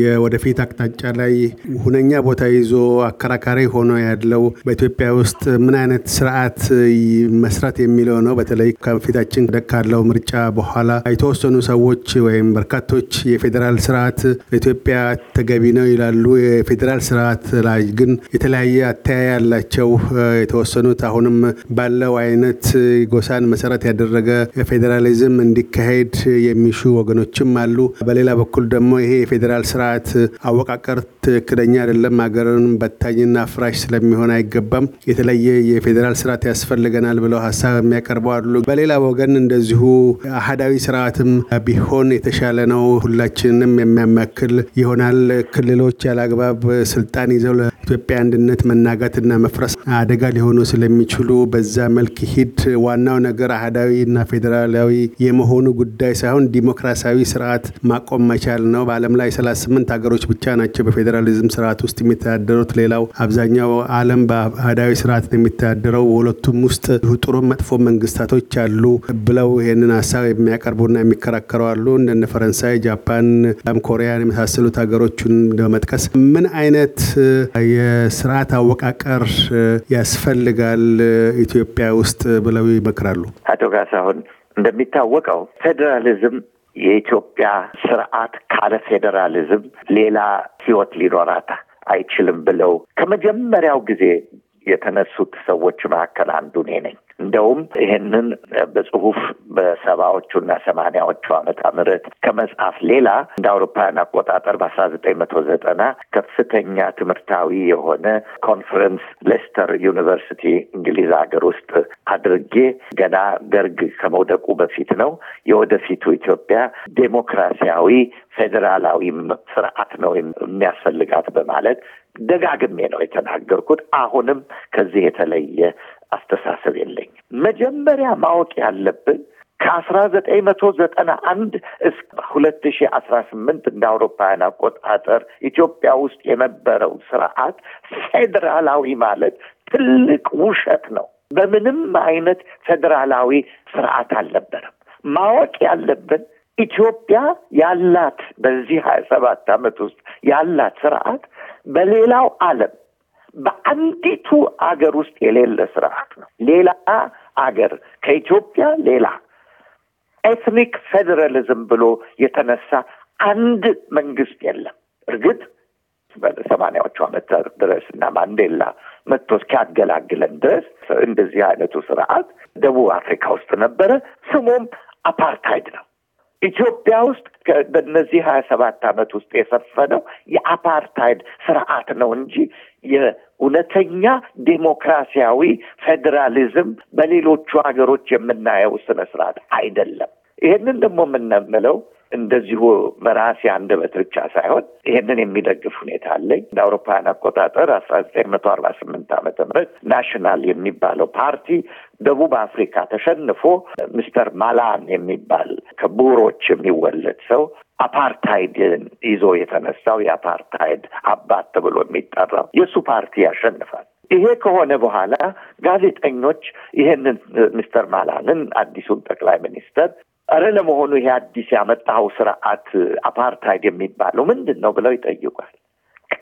የወደፊት አቅጣጫ ላይ ሁነኛ ቦታ ይዞ አከራካሪ ሆኖ ያለው በኢትዮጵያ ውስጥ ምን አይነት ስርዓት መስራት የሚለው ነው። በተለይ ከፊታችን ካለው ምርጫ በኋላ የተወሰኑ ሰዎች ወይም በርካቶች የፌዴራል ስርዓት ለኢትዮጵያ ተገቢ ነው ይላሉ። የፌዴራል ስርዓት ላይ ግን የተለያየ አተያይ ያላቸው የተወሰኑት አሁንም ባለው አይነት ጎሳን መሰረት ያደረገ ፌዴራሊዝም እንዲካሄድ የሚሹ ወገኖችም አሉ። በሌላ በኩል ደግሞ ይሄ የፌዴራል ስርዓት ስርዓት አወቃቀር ትክክለኛ አይደለም። ሀገርንም በታኝና ፍራሽ ስለሚሆን አይገባም። የተለየ የፌዴራል ስርዓት ያስፈልገናል ብለው ሀሳብ የሚያቀርበው አሉ። በሌላ ወገን እንደዚሁ አህዳዊ ስርዓትም ቢሆን የተሻለ ነው፣ ሁላችንንም የሚያማክል ይሆናል። ክልሎች ያለአግባብ ስልጣን ይዘው ለኢትዮጵያ አንድነት መናጋትና መፍረስ አደጋ ሊሆኑ ስለሚችሉ በዛ መልክ ሂድ። ዋናው ነገር አህዳዊ ፌዴራላዊ የመሆኑ ጉዳይ ሳይሆን ዲሞክራሲያዊ ስርዓት ማቆም መቻል ነው። በዓለም ላይ 38 ሀገሮች ብቻ ናቸው በፌዴራል ፌዴራሊዝም ስርዓት ውስጥ የሚተዳደሩት። ሌላው አብዛኛው ዓለም በአህዳዊ ስርዓት ነው የሚተዳደረው። በሁለቱም ውስጥ ጥሩ መጥፎ መንግስታቶች አሉ ብለው ይህንን ሀሳብ የሚያቀርቡና የሚከራከሩ አሉ። እንደነ ፈረንሳይ፣ ጃፓን፣ ኮሪያን የመሳሰሉት ሀገሮችን ለመጥቀስ ምን አይነት የስርዓት አወቃቀር ያስፈልጋል ኢትዮጵያ ውስጥ ብለው ይመክራሉ? አቶ ካሳሁን እንደሚታወቀው ፌዴራሊዝም የኢትዮጵያ ስርዓት ካለ ፌዴራሊዝም ሌላ ህይወት ሊኖራት አይችልም ብለው ከመጀመሪያው ጊዜ የተነሱት ሰዎች መካከል አንዱ እኔ ነኝ። እንደውም ይህንን በጽሁፍ በሰባዎቹ እና ሰማኒያዎቹ ዓመተ ምህረት ከመጽሐፍ ሌላ እንደ አውሮፓውያን አቆጣጠር በአስራ ዘጠኝ መቶ ዘጠና ከፍተኛ ትምህርታዊ የሆነ ኮንፈረንስ ሌስተር ዩኒቨርሲቲ እንግሊዝ ሀገር ውስጥ አድርጌ ገና ደርግ ከመውደቁ በፊት ነው የወደፊቱ ኢትዮጵያ ዴሞክራሲያዊ ፌዴራላዊ ስርዓት ነው የሚያስፈልጋት በማለት ደጋግሜ ነው የተናገርኩት። አሁንም ከዚህ የተለየ አስተሳሰብ የለኝም። መጀመሪያ ማወቅ ያለብን ከአስራ ዘጠኝ መቶ ዘጠና አንድ እስከ ሁለት ሺህ አስራ ስምንት እንደ አውሮፓውያን አቆጣጠር ኢትዮጵያ ውስጥ የነበረው ስርዓት ፌዴራላዊ ማለት ትልቅ ውሸት ነው። በምንም አይነት ፌዴራላዊ ስርዓት አልነበረም። ማወቅ ያለብን ኢትዮጵያ ያላት በዚህ ሀያ ሰባት ዓመት ውስጥ ያላት ስርዓት በሌላው ዓለም በአንዲቱ አገር ውስጥ የሌለ ስርዓት ነው። ሌላ አገር ከኢትዮጵያ ሌላ ኤትኒክ ፌዴራሊዝም ብሎ የተነሳ አንድ መንግስት የለም። እርግጥ በሰማኒያዎቹ ዓመት ድረስ እና ማንዴላ መጥቶ እስኪያገላግለን ድረስ እንደዚህ አይነቱ ስርዓት ደቡብ አፍሪካ ውስጥ ነበረ። ስሙም አፓርታይድ ነው። ኢትዮጵያ ውስጥ በእነዚህ ሀያ ሰባት ዓመት ውስጥ የሰፈነው የአፓርታይድ ስርዓት ነው እንጂ የእውነተኛ ዴሞክራሲያዊ ፌዴራሊዝም በሌሎቹ ሀገሮች የምናየው ስነ ስርዓት አይደለም። ይህንን ደግሞ የምንምለው እንደዚሁ በራሴ አንደበት ብቻ ሳይሆን ይሄንን የሚደግፍ ሁኔታ አለኝ። እንደ አውሮፓውያን አቆጣጠር አስራ ዘጠኝ መቶ አርባ ስምንት ዓመተ ምህረት ናሽናል የሚባለው ፓርቲ ደቡብ አፍሪካ ተሸንፎ ሚስተር ማላን የሚባል ከቡሮች የሚወለድ ሰው አፓርታይድን ይዞ የተነሳው የአፓርታይድ አባት ተብሎ የሚጠራው የእሱ ፓርቲ ያሸንፋል። ይሄ ከሆነ በኋላ ጋዜጠኞች ይሄንን ሚስተር ማላንን አዲሱን ጠቅላይ ሚኒስተር እረ ለመሆኑ ይሄ አዲስ ያመጣኸው ስርዓት አፓርታይድ የሚባለው ምንድን ነው ብለው ይጠይቋል።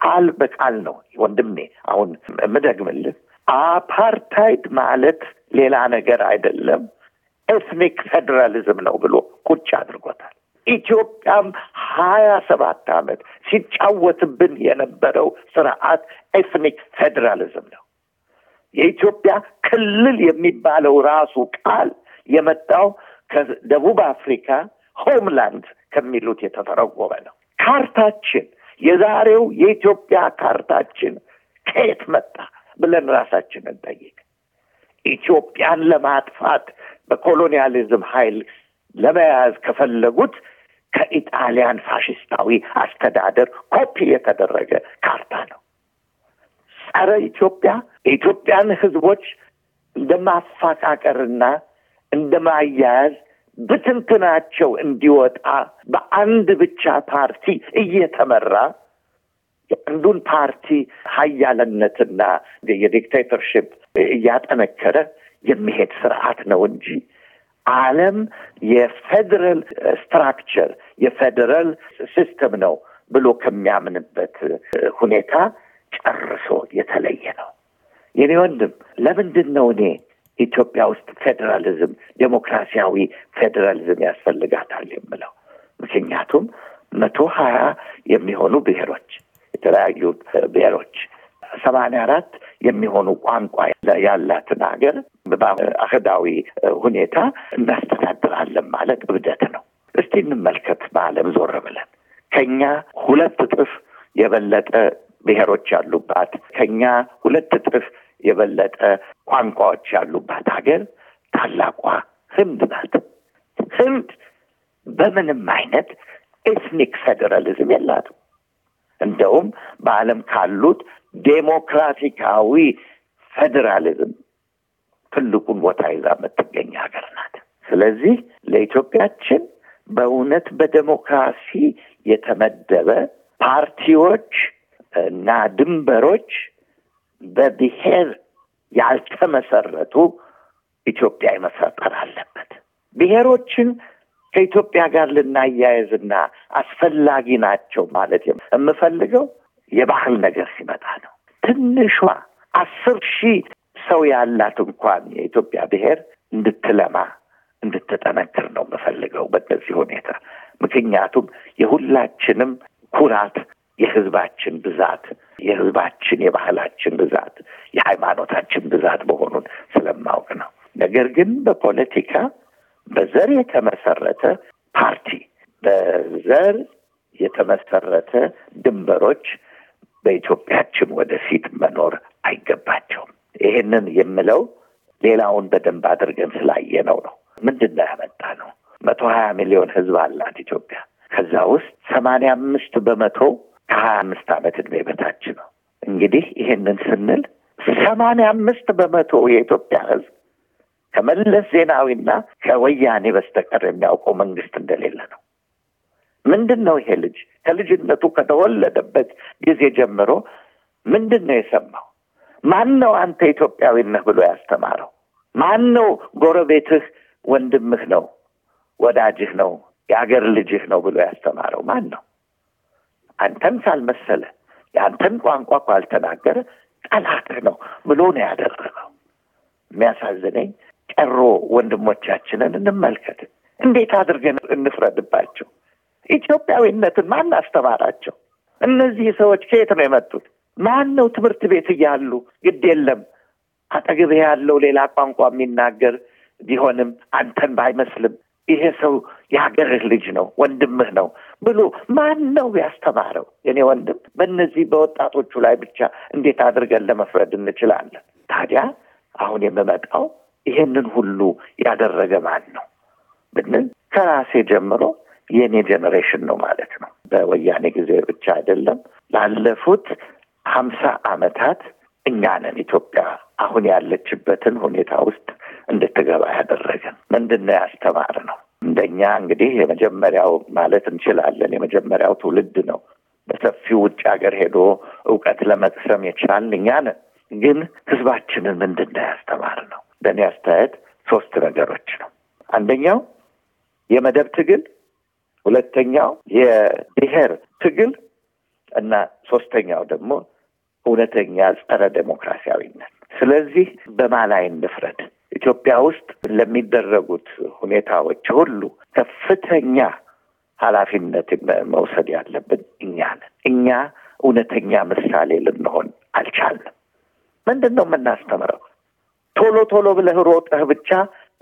ቃል በቃል ነው ወንድሜ፣ አሁን የምደግምልህ አፓርታይድ ማለት ሌላ ነገር አይደለም ኤትኒክ ፌዴራሊዝም ነው ብሎ ቁጭ አድርጎታል። ኢትዮጵያም ሀያ ሰባት ዓመት ሲጫወትብን የነበረው ስርዓት ኤትኒክ ፌዴራሊዝም ነው። የኢትዮጵያ ክልል የሚባለው ራሱ ቃል የመጣው ከደቡብ አፍሪካ ሆምላንድ ከሚሉት የተተረጎመ ነው። ካርታችን የዛሬው የኢትዮጵያ ካርታችን ከየት መጣ ብለን ራሳችን እንጠይቅ። ኢትዮጵያን ለማጥፋት በኮሎኒያሊዝም ኃይል ለመያዝ ከፈለጉት ከኢጣሊያን ፋሽስታዊ አስተዳደር ኮፒ የተደረገ ካርታ ነው። ጸረ ኢትዮጵያ የኢትዮጵያን ሕዝቦች እንደማፈቃቀርና እንደማያያዝ ብትንትናቸው እንዲወጣ በአንድ ብቻ ፓርቲ እየተመራ የአንዱን ፓርቲ ሀያልነትና የዲክቴተርሽፕ እያጠነከረ የሚሄድ ስርዓት ነው እንጂ ዓለም የፌዴራል ስትራክቸር የፌዴራል ሲስተም ነው ብሎ ከሚያምንበት ሁኔታ ጨርሶ የተለየ ነው። የኔ ወንድም ለምንድን ነው እኔ ኢትዮጵያ ውስጥ ፌዴራሊዝም፣ ዴሞክራሲያዊ ፌዴራሊዝም ያስፈልጋታል የምለው ምክንያቱም መቶ ሀያ የሚሆኑ ብሔሮች የተለያዩ ብሔሮች ሰማንያ አራት የሚሆኑ ቋንቋ ያላትን ሀገር በአህዳዊ ሁኔታ እናስተዳድራለን ማለት እብደት ነው። እስቲ እንመልከት በዓለም ዞር ብለን ከኛ ሁለት እጥፍ የበለጠ ብሔሮች ያሉባት ከኛ ሁለት እጥፍ የበለጠ ቋንቋዎች ያሉባት ሀገር ታላቋ ህንድ ናት። ህንድ በምንም አይነት ኤትኒክ ፌዴራሊዝም የላትም። እንደውም በዓለም ካሉት ዴሞክራቲካዊ ፌዴራሊዝም ትልቁን ቦታ ይዛ የምትገኝ ሀገር ናት። ስለዚህ ለኢትዮጵያችን በእውነት በዴሞክራሲ የተመደበ ፓርቲዎች እና ድንበሮች በብሔር ያልተመሰረቱ ኢትዮጵያ መፈጠር አለበት። ብሔሮችን ከኢትዮጵያ ጋር ልናያይዝና አስፈላጊ ናቸው ማለት የምፈልገው የባህል ነገር ሲመጣ ነው። ትንሿ አስር ሺህ ሰው ያላት እንኳን የኢትዮጵያ ብሔር እንድትለማ እንድትጠነክር ነው የምፈልገው በእነዚህ ሁኔታ። ምክንያቱም የሁላችንም ኩራት የህዝባችን ብዛት የህዝባችን የባህላችን ብዛት የሃይማኖታችን ብዛት መሆኑን ስለማውቅ ነው። ነገር ግን በፖለቲካ በዘር የተመሰረተ ፓርቲ በዘር የተመሰረተ ድንበሮች በኢትዮጵያችን ወደፊት መኖር አይገባቸውም። ይሄንን የምለው ሌላውን በደንብ አድርገን ስላየነው ነው። ምንድን ነው ያመጣ ነው? መቶ ሀያ ሚሊዮን ህዝብ አላት ኢትዮጵያ። ከዛ ውስጥ ሰማንያ አምስት በመቶ ከሀያ አምስት ዓመት እድሜ በታች ነው። እንግዲህ ይህንን ስንል ሰማንያ አምስት በመቶ የኢትዮጵያ ህዝብ ከመለስ ዜናዊና ከወያኔ በስተቀር የሚያውቀው መንግስት እንደሌለ ነው። ምንድን ነው ይሄ ልጅ ከልጅነቱ ከተወለደበት ጊዜ ጀምሮ ምንድን ነው የሰማው? ማን ነው አንተ ኢትዮጵያዊነህ ብሎ ያስተማረው? ማን ነው ጎረቤትህ ወንድምህ ነው ወዳጅህ ነው የአገር ልጅህ ነው ብሎ ያስተማረው ማን ነው? አንተን ካልመሰለ የአንተን ቋንቋ ካልተናገረ ጠላትህ ነው ብሎ ነው ያደረገው። የሚያሳዝነኝ ቀሮ ወንድሞቻችንን እንመልከት። እንዴት አድርገን እንፍረድባቸው? ኢትዮጵያዊነትን ማን አስተማራቸው? እነዚህ ሰዎች ከየት ነው የመጡት? ማን ነው ትምህርት ቤት እያሉ ግድ የለም አጠገብህ ያለው ሌላ ቋንቋ የሚናገር ቢሆንም አንተን ባይመስልም ይሄ ሰው የሀገርህ ልጅ ነው፣ ወንድምህ ነው ብሎ ማን ነው ያስተማረው? የኔ ወንድም በእነዚህ በወጣቶቹ ላይ ብቻ እንዴት አድርገን ለመፍረድ እንችላለን? ታዲያ አሁን የምመጣው ይሄንን ሁሉ ያደረገ ማን ነው ብንል ከራሴ ጀምሮ የእኔ ጀኔሬሽን ነው ማለት ነው። በወያኔ ጊዜ ብቻ አይደለም፣ ላለፉት ሀምሳ ዓመታት እኛ ነን ኢትዮጵያ አሁን ያለችበትን ሁኔታ ውስጥ እንድትገባ ያደረገን ምንድነው ያስተማር ነው። እንደኛ እንግዲህ የመጀመሪያው ማለት እንችላለን የመጀመሪያው ትውልድ ነው። በሰፊው ውጭ ሀገር ሄዶ እውቀት ለመቅሰም የቻል እኛ ግን ህዝባችንን ምንድነው ያስተማር ነው? በእኔ አስተያየት ሶስት ነገሮች ነው። አንደኛው የመደብ ትግል፣ ሁለተኛው የብሔር ትግል እና ሶስተኛው ደግሞ እውነተኛ ጸረ ዴሞክራሲያዊነት። ስለዚህ በማላይን ላይ እንፍረድ? ኢትዮጵያ ውስጥ ለሚደረጉት ሁኔታዎች ሁሉ ከፍተኛ ኃላፊነት መውሰድ ያለብን እኛ ነን። እኛ እውነተኛ ምሳሌ ልንሆን አልቻልንም። ምንድን ነው የምናስተምረው? ቶሎ ቶሎ ብለህ ሮጠህ ብቻ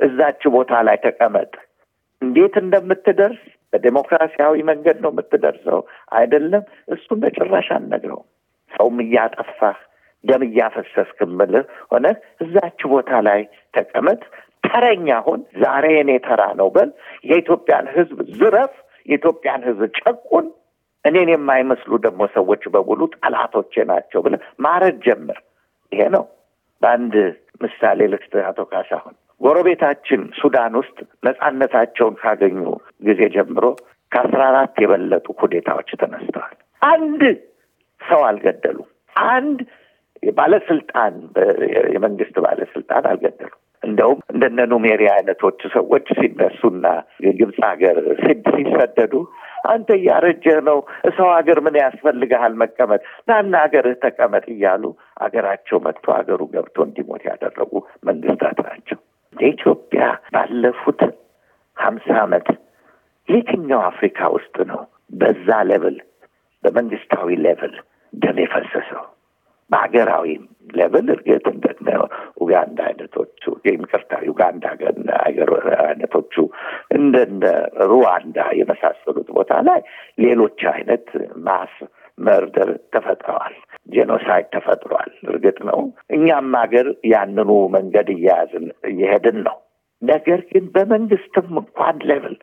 እዛች ቦታ ላይ ተቀመጥ። እንዴት እንደምትደርስ በዴሞክራሲያዊ መንገድ ነው የምትደርሰው አይደለም? እሱን በጭራሽ አንነግረውም። ሰውም እያጠፋህ ደም እያፈሰስክምልህ ሆነ እዛች ቦታ ላይ ተቀመጥ፣ ተረኛ ሁን፣ ዛሬ እኔ ተራ ነው በል፣ የኢትዮጵያን ህዝብ ዝረፍ፣ የኢትዮጵያን ህዝብ ጨቁን፣ እኔን የማይመስሉ ደግሞ ሰዎች በሙሉ ጠላቶቼ ናቸው ብለ ማረድ ጀምር። ይሄ ነው። በአንድ ምሳሌ ልስጥህ አቶ ካሳሁን። ጎረቤታችን ሱዳን ውስጥ ነጻነታቸውን ካገኙ ጊዜ ጀምሮ ከአስራ አራት የበለጡ ኩዴታዎች ተነስተዋል። አንድ ሰው አልገደሉም። አንድ ባለስልጣን የመንግስት ባለስልጣን አልገደሉም። እንደውም እንደነ ኑሜሪ አይነቶች ሰዎች ሲነሱና የግብፅ ሀገር ሲሰደዱ አንተ እያረጀህ ነው፣ ሰው ሀገር ምን ያስፈልግሃል መቀመጥ፣ ናና ሀገርህ ተቀመጥ እያሉ ሀገራቸው መጥቶ ሀገሩ ገብቶ እንዲሞት ያደረጉ መንግስታት ናቸው። ኢትዮጵያ ባለፉት ሀምሳ ዓመት የትኛው አፍሪካ ውስጥ ነው በዛ ሌቭል በመንግስታዊ ሌቭል ደም የፈሰሰው? በሀገራዊ ለብል እርግጥ እንደ ኡጋንዳ አይነቶቹ ይቅርታ፣ ዩጋንዳ አይነቶቹ እንደነ ሩዋንዳ የመሳሰሉት ቦታ ላይ ሌሎች አይነት ማስ መርደር ተፈጥረዋል። ጄኖሳይድ ተፈጥሯል። እርግጥ ነው እኛም ሀገር ያንኑ መንገድ እያያዝን እየሄድን ነው። ነገር ግን በመንግስትም እንኳን ሌቭል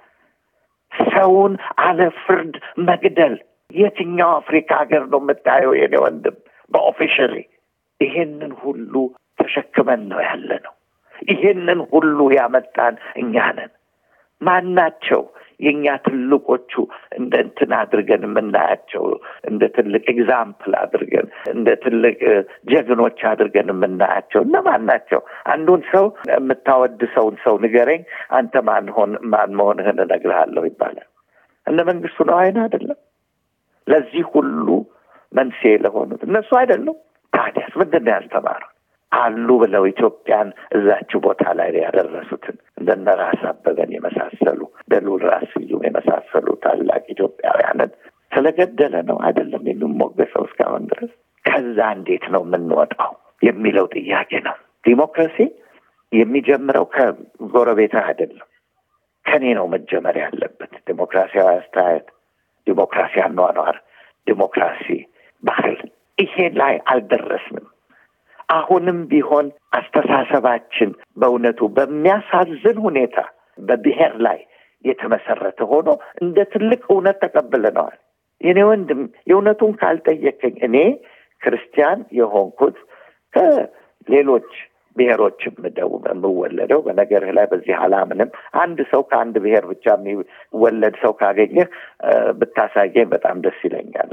ሰውን አለ ፍርድ መግደል የትኛው አፍሪካ ሀገር ነው የምታየው? የኔ ወንድም በኦፊሻሊ ይሄንን ሁሉ ተሸክመን ነው ያለ ነው። ይሄንን ሁሉ ያመጣን እኛ ነን። ማናቸው የእኛ ትልቆቹ እንደ እንትን አድርገን የምናያቸው እንደ ትልቅ ኤግዛምፕል አድርገን እንደ ትልቅ ጀግኖች አድርገን የምናያቸው እነማን ናቸው? አንዱን ሰው የምታወድሰውን ሰው ንገረኝ፣ አንተ ማን ሆን ማን መሆንህን እነግርሃለሁ ይባላል። እነ መንግስቱ ነው አይን አይደለም ለዚህ ሁሉ መንስኤ ለሆኑት እነሱ አይደሉም። ታዲያስ ምንድን ነው አሉ ብለው ኢትዮጵያን እዛችው ቦታ ላይ ያደረሱትን እንደነ ራስ አበበን የመሳሰሉ ደሉል ራስ ስዩም የመሳሰሉ ታላቅ ኢትዮጵያውያንን ስለገደለ ነው አይደለም የሚሞገሰው እስካሁን ድረስ። ከዛ እንዴት ነው የምንወጣው የሚለው ጥያቄ ነው። ዲሞክራሲ የሚጀምረው ከጎረቤትህ አይደለም፣ ከኔ ነው መጀመር ያለበት። ዲሞክራሲያዊ አስተያየት፣ ዲሞክራሲ አኗኗር፣ ዲሞክራሲ ባህል ይሄ ላይ አልደረስንም። አሁንም ቢሆን አስተሳሰባችን በእውነቱ በሚያሳዝን ሁኔታ በብሔር ላይ የተመሰረተ ሆኖ እንደ ትልቅ እውነት ተቀብለነዋል። የኔ ወንድም የእውነቱን ካልጠየከኝ እኔ ክርስቲያን የሆንኩት ከሌሎች ብሔሮች የምወለደው በነገርህ ላይ በዚህ አላምንም። አንድ ሰው ከአንድ ብሔር ብቻ የሚወለድ ሰው ካገኘህ ብታሳየኝ በጣም ደስ ይለኛል።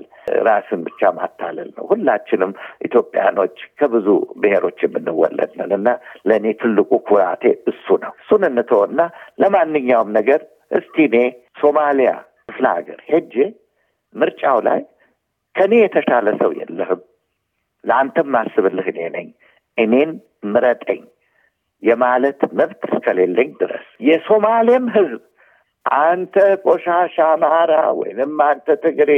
ራስን ብቻ ማታለል ነው። ሁላችንም ኢትዮጵያኖች ከብዙ ብሔሮች የምንወለድ ነን እና ለእኔ ትልቁ ኩራቴ እሱ ነው። እሱን እንተወና ለማንኛውም ነገር እስቲ እኔ ሶማሊያ ክፍለ ሀገር ሄጄ ምርጫው ላይ ከእኔ የተሻለ ሰው የለህም፣ ለአንተም ማስብልህ እኔ ነኝ፣ እኔን ምረጠኝ የማለት መብት እስከሌለኝ ድረስ የሶማሌም ህዝብ። አንተ ቆሻሻ አማራ ወይንም አንተ ትግሬ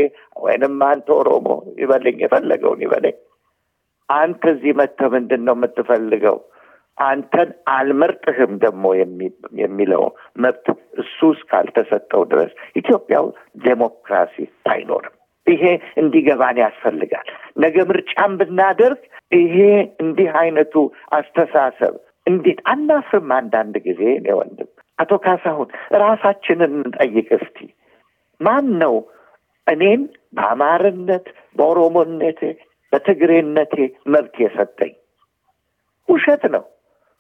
ወይንም አንተ ኦሮሞ ይበልኝ፣ የፈለገውን ይበለኝ። አንተ እዚህ መጥተህ ምንድን ነው የምትፈልገው? አንተን አልመርጥህም ደግሞ የሚለው መብት እሱ እስካልተሰጠው ድረስ ኢትዮጵያው ዴሞክራሲ አይኖርም። ይሄ እንዲገባን ያስፈልጋል። ነገ ምርጫን ብናደርግ ይሄ እንዲህ አይነቱ አስተሳሰብ እንዴት አናፍርም? አንዳንድ ጊዜ ወንድም አቶ ካሳሁን ራሳችንን እንጠይቅ እስቲ። ማን ነው እኔን በአማርነት፣ በኦሮሞነቴ፣ በትግሬነቴ መብት የሰጠኝ? ውሸት ነው።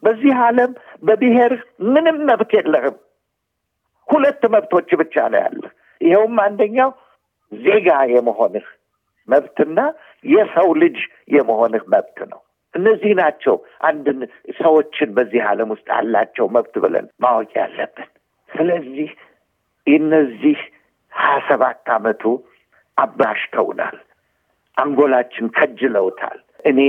በዚህ ዓለም በብሔር ምንም መብት የለህም። ሁለት መብቶች ብቻ ነው ያለ ይኸውም አንደኛው ዜጋ የመሆንህ መብትና የሰው ልጅ የመሆንህ መብት ነው። እነዚህ ናቸው አንድን ሰዎችን በዚህ ዓለም ውስጥ አላቸው መብት ብለን ማወቅ ያለብን። ስለዚህ እነዚህ ሀያ ሰባት አመቱ አብራሽተውናል፣ አንጎላችን ከጅለውታል። እኔ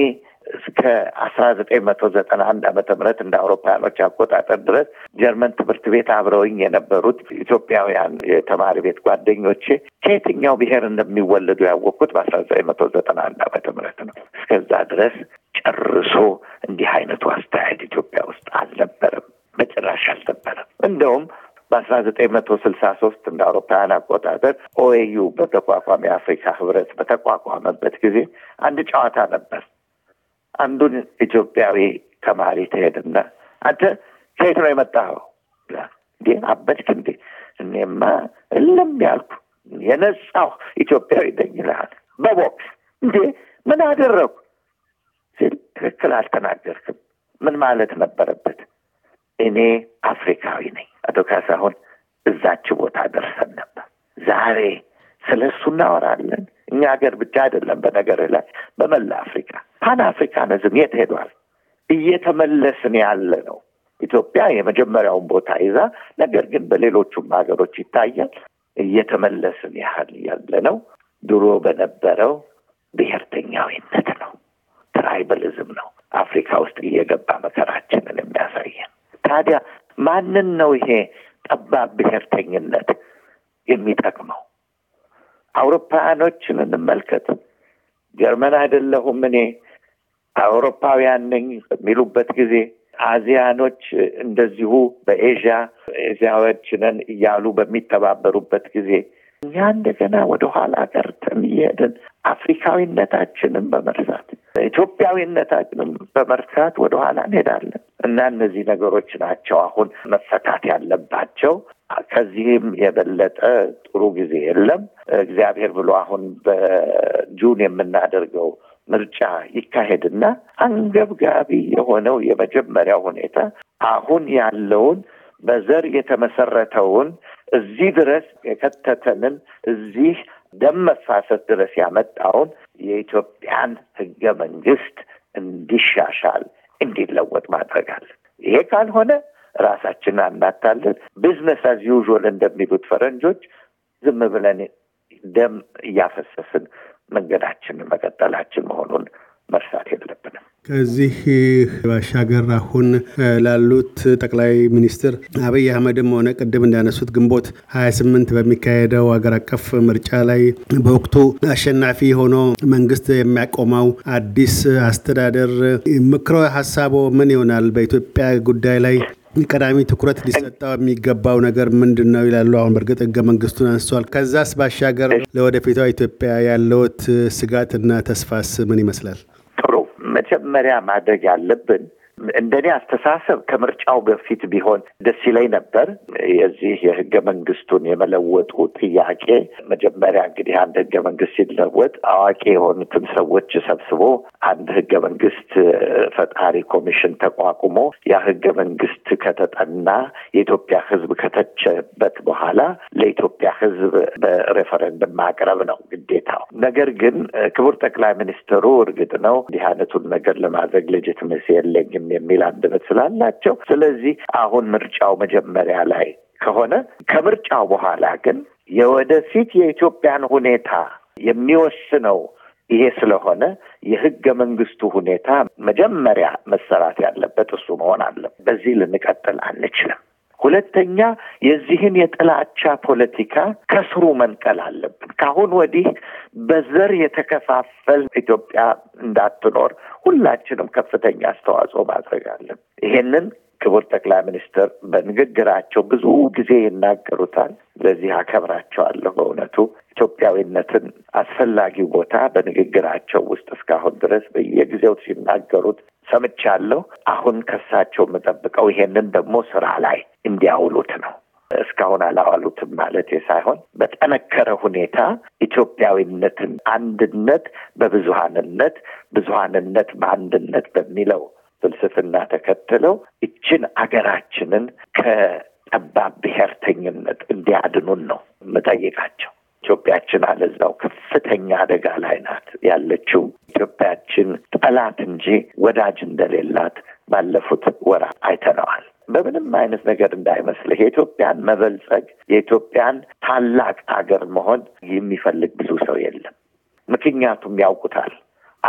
እስከ አስራ ዘጠኝ መቶ ዘጠና አንድ አመተ ምህረት እንደ አውሮፓውያኖች አቆጣጠር ድረስ ጀርመን ትምህርት ቤት አብረውኝ የነበሩት ኢትዮጵያውያን የተማሪ ቤት ጓደኞቼ ከየትኛው ብሔር እንደሚወለዱ ያወቅኩት በአስራ ዘጠኝ መቶ ዘጠና አንድ አመተ ምህረት ነው። እስከዛ ድረስ ጨርሶ እንዲህ አይነቱ አስተያየት ኢትዮጵያ ውስጥ አልነበረም፣ በጭራሽ አልነበረም። እንደውም በአስራ ዘጠኝ መቶ ስልሳ ሶስት እንደ አውሮፓውያን አቆጣጠር ኦኤዩ በተቋቋመ የአፍሪካ ህብረት በተቋቋመበት ጊዜ አንድ ጨዋታ ነበር። አንዱን ኢትዮጵያዊ ተማሪ ትሄድና አንተ ከየት ነው የመጣኸው? እንዲ አበድክ እንዴ? እኔማ እልም ያልኩ የነጻሁ ኢትዮጵያዊ ነኝ ይልሃል። በቦክስ እንዴ ምን አደረግኩ? ሲል ትክክል አልተናገርክም። ምን ማለት ነበረበት? እኔ አፍሪካዊ ነኝ። አቶ ካሳሁን እዛች ቦታ ደርሰን ነበር። ዛሬ ስለ እሱ እናወራለን። እኛ ሀገር ብቻ አይደለም፣ በነገር ላይ በመላ አፍሪካ ፓን አፍሪካንዝም የት ሄዷል? እየተመለስን ያለ ነው። ኢትዮጵያ የመጀመሪያውን ቦታ ይዛ፣ ነገር ግን በሌሎቹም ሀገሮች ይታያል። እየተመለስን ያህል ያለ ነው ድሮ በነበረው ብሔርተኛዊነት ነው። ትራይበልዝም ነው አፍሪካ ውስጥ እየገባ መከራችንን የሚያሳየን። ታዲያ ማንን ነው ይሄ ጠባብ ብሔርተኝነት የሚጠቅመው? አውሮፓውያኖችን እንመልከት። ጀርመን አይደለሁም እኔ አውሮፓውያን ነኝ የሚሉበት ጊዜ አዚያኖች እንደዚሁ በኤዥያ ኤዥያዎች እያሉ በሚተባበሩበት ጊዜ እኛ እንደገና ወደኋላ ቀርተን እየሄድን አፍሪካዊነታችንም በመርሳት ኢትዮጵያዊነታችንም በመርሳት ወደኋላ እንሄዳለን እና እነዚህ ነገሮች ናቸው አሁን መፈታት ያለባቸው። ከዚህም የበለጠ ጥሩ ጊዜ የለም። እግዚአብሔር ብሎ አሁን በጁን የምናደርገው ምርጫ ይካሄድና አንገብጋቢ የሆነው የመጀመሪያው ሁኔታ አሁን ያለውን በዘር የተመሰረተውን እዚህ ድረስ የከተተንን እዚህ ደም መፋሰስ ድረስ ያመጣውን የኢትዮጵያን ህገ መንግስት እንዲሻሻል እንዲለወጥ ማድረግ አለ። ይሄ ካልሆነ ራሳችንን አናታለን። ቢዝነስ አዝ ዩዥዋል እንደሚሉት ፈረንጆች ዝም ብለን ደም እያፈሰስን መንገዳችንን መቀጠላችን መሆኑን መርሳት የለብንም። ከዚህ ባሻገር አሁን ላሉት ጠቅላይ ሚኒስትር አብይ አህመድም ሆነ ቅድም እንዳነሱት ግንቦት 28 በሚካሄደው አገር አቀፍ ምርጫ ላይ በወቅቱ አሸናፊ ሆኖ መንግስት የሚያቆመው አዲስ አስተዳደር ምክረ ሀሳቦ ምን ይሆናል? በኢትዮጵያ ጉዳይ ላይ ቀዳሚ ትኩረት ሊሰጠው የሚገባው ነገር ምንድን ነው ይላሉ። አሁን በእርግጥ ህገ መንግስቱን አንስተዋል። ከዛስ ባሻገር ለወደፊቷ ኢትዮጵያ ስጋት ስጋትና ተስፋስ ምን ይመስላል? መጀመሪያ ማድረግ ያለብን እንደኔ አስተሳሰብ ከምርጫው በፊት ቢሆን ደስ ይለኝ ነበር። የዚህ የህገ መንግስቱን የመለወጡ ጥያቄ መጀመሪያ እንግዲህ አንድ ህገ መንግስት ሲለወጥ አዋቂ የሆኑትን ሰዎች ሰብስቦ አንድ ህገ መንግስት ፈጣሪ ኮሚሽን ተቋቁሞ ያ ህገ መንግስት ከተጠና የኢትዮጵያ ህዝብ ከተቸበት በኋላ ለኢትዮጵያ ህዝብ በሬፈረንድም ማቅረብ ነው ግዴታው። ነገር ግን ክቡር ጠቅላይ ሚኒስትሩ እርግጥ ነው እንዲህ አይነቱን ነገር ለማድረግ ምስ የለኝም የሚል አንደበት ስላላቸው፣ ስለዚህ አሁን ምርጫው መጀመሪያ ላይ ከሆነ ከምርጫው በኋላ ግን የወደፊት የኢትዮጵያን ሁኔታ የሚወስነው ይሄ ስለሆነ የህገ መንግስቱ ሁኔታ መጀመሪያ መሰራት ያለበት እሱ መሆን አለ። በዚህ ልንቀጥል አንችልም። ሁለተኛ የዚህን የጥላቻ ፖለቲካ ከስሩ መንቀል አለብን። ከአሁን ወዲህ በዘር የተከፋፈል ኢትዮጵያ እንዳትኖር ሁላችንም ከፍተኛ አስተዋጽኦ ማድረግ አለን። ይሄንን ክቡር ጠቅላይ ሚኒስትር በንግግራቸው ብዙ ጊዜ ይናገሩታል። ለዚህ አከብራቸዋለሁ በእውነቱ የኢትዮጵያዊነትን አስፈላጊ ቦታ በንግግራቸው ውስጥ እስካሁን ድረስ በየጊዜው ሲናገሩት ሰምቻለሁ። አሁን ከሳቸው የምጠብቀው ይሄንን ደግሞ ስራ ላይ እንዲያውሉት ነው። እስካሁን አላዋሉትም ማለት ሳይሆን በጠነከረ ሁኔታ ኢትዮጵያዊነትን፣ አንድነት በብዙሀንነት፣ ብዙሀንነት በአንድነት በሚለው ፍልስፍና ተከትለው ይችን አገራችንን ከጠባብ ብሔርተኝነት እንዲያድኑን ነው የምጠይቃቸው። ኢትዮጵያችን አለዛው ከፍተኛ አደጋ ላይ ናት ያለችው። ኢትዮጵያችን ጠላት እንጂ ወዳጅ እንደሌላት ባለፉት ወራት አይተነዋል። በምንም አይነት ነገር እንዳይመስልህ የኢትዮጵያን መበልጸግ የኢትዮጵያን ታላቅ ሀገር መሆን የሚፈልግ ብዙ ሰው የለም። ምክንያቱም ያውቁታል፣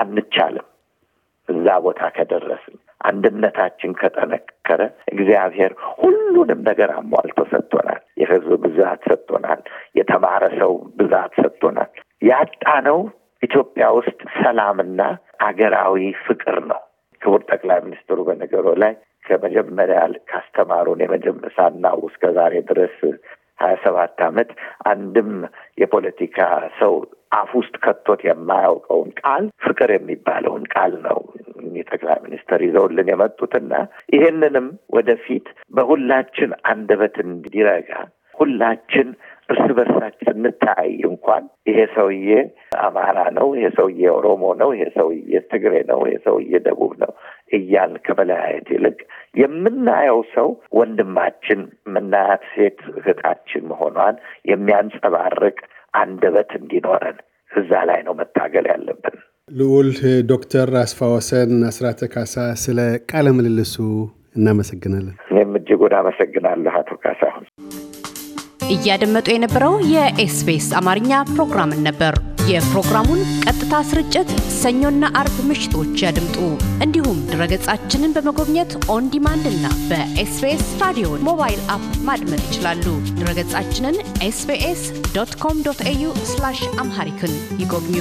አንቻልም እዛ ቦታ ከደረስን አንድነታችን ከጠነከረ እግዚአብሔር ሁሉንም ነገር አሟልቶ ሰጥቶናል። የህዝብ ብዛት ሰጥቶናል። የተማረ ሰው ብዛት ሰጥቶናል። ያጣነው ኢትዮጵያ ውስጥ ሰላምና አገራዊ ፍቅር ነው። ክቡር ጠቅላይ ሚኒስትሩ በነገሮ ላይ ከመጀመሪያ ካስተማሩን የመጀመ ሳናው እስከ ዛሬ ድረስ ሀያ ሰባት አመት አንድም የፖለቲካ ሰው አፍ ውስጥ ከቶት የማያውቀውን ቃል ፍቅር የሚባለውን ቃል ነው ጠቅላይ ሚኒስትር ይዘውልን የመጡትና ይህንንም ወደፊት በሁላችን አንደበት እንዲረጋ ሁላችን እርስ በርሳችን እንታያይ እንኳን ይሄ ሰውዬ አማራ ነው፣ ይሄ ሰውዬ ኦሮሞ ነው፣ ይሄ ሰውዬ ትግሬ ነው፣ ይሄ ሰውዬ ደቡብ ነው እያል ከመለያየት ይልቅ የምናየው ሰው ወንድማችን፣ የምናያት ሴት እህታችን መሆኗን የሚያንጸባርቅ አንደበት እንዲኖረን እዛ ላይ ነው መታገል ያለብን። ልዑል ዶክተር አስፋ ወሰን አስራተ ካሳ ስለ ቃለ ምልልሱ እናመሰግናለን። እኔም እጅጉን አመሰግናለሁ አቶ ካሳሁን። እያደመጡ የነበረው የኤስቢኤስ አማርኛ ፕሮግራምን ነበር። የፕሮግራሙን ቀጥታ ስርጭት ሰኞና አርብ ምሽቶች ያድምጡ። እንዲሁም ድረገጻችንን በመጎብኘት ኦን ዲማንድ እና በኤስቢኤስ ራዲዮ ሞባይል አፕ ማድመጥ ይችላሉ። ድረገጻችንን ኤስቢኤስ ዶት ኮም ዶት ኤዩ አምሃሪክን ይጎብኙ።